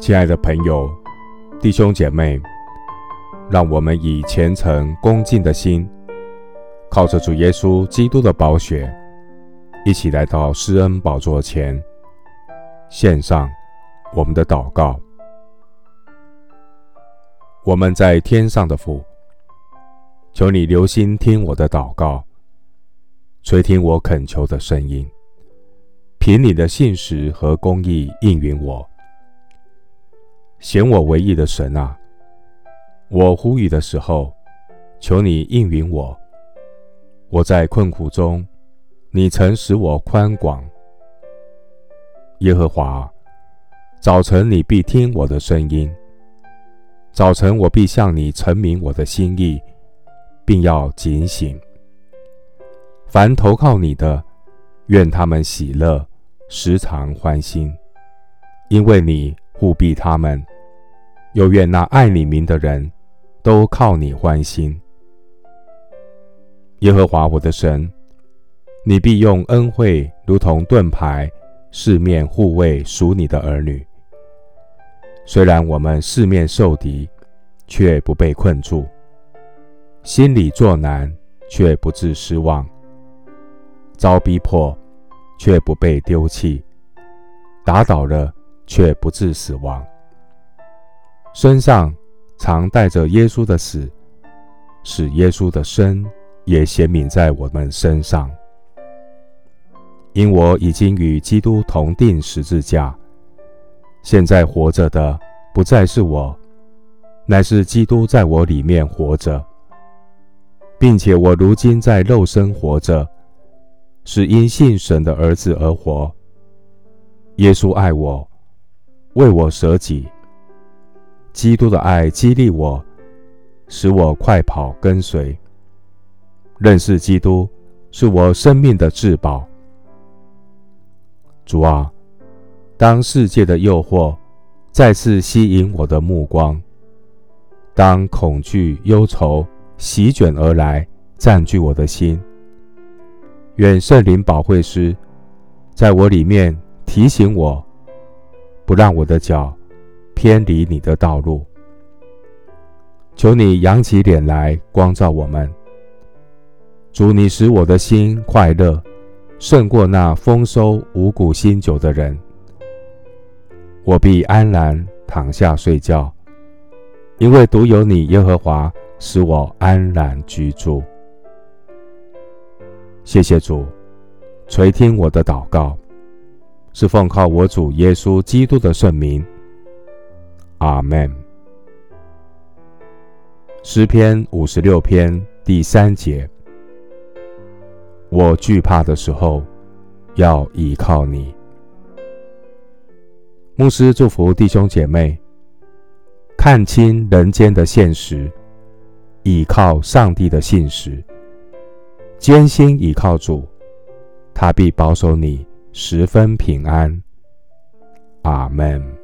親愛的朋友、弟兄姐妹，讓我們以虔誠恭敬的心，靠着主耶穌基督的寶血，一起來到施恩寶座前，獻上我們的禱告。我們在天上的父，求你留心聽我的禱告，垂聽我懇求的聲音，憑你的信實和公義應允我。選我唯一的神啊，我呼籲的時候，求你應允我。我在困苦中，你曾使我寬廣。耶和華，早晨你必聽我的聲音；早晨我必向你陳明我的心意，並要警醒。凡投靠你的，願他們喜樂，時常歡心，因為你護庇他們。又願那愛你名的人，都靠你歡欣。耶和華我的神，你必用恩惠如同盾牌，四面護衛屬你的兒女。雖然我們四面受敵，卻不被困住；心裡作難，卻不致失望；遭逼迫，卻不被丟棄；打倒了，卻不致死亡。身上常帶着耶穌的死，使耶穌的生也顯明在我們身上。因我已經與基督同釘十字架，現在活着的不再是我，乃是基督在我裡面活着，並且我如今在肉身活着，是因信神的兒子而活。耶穌愛我，為我捨己。基督的愛激勵我，使我快跑跟隨。認識基督是我生命的至寶。主啊，當世界的誘惑再次吸引我的目光，當恐懼憂愁席捲而來，占據我的心，願聖靈保惠師在我裡面提醒我，不讓我的腳偏離你的道路，求你揚起臉來光照我們。主，你使我的心快樂，勝過那豐收五穀新酒的人。我必安然躺下睡覺，因為獨有你，耶和華使我安然居住。謝謝主，垂聽我的禱告，是奉靠我主耶穌基督的聖名。阿門。詩篇五十六篇第三節：我懼怕的時候，要倚靠你。牧師祝福弟兄姐妹，看清人間的現實，倚靠上帝的信實，堅心倚靠主，他必保守你十分平安。阿門。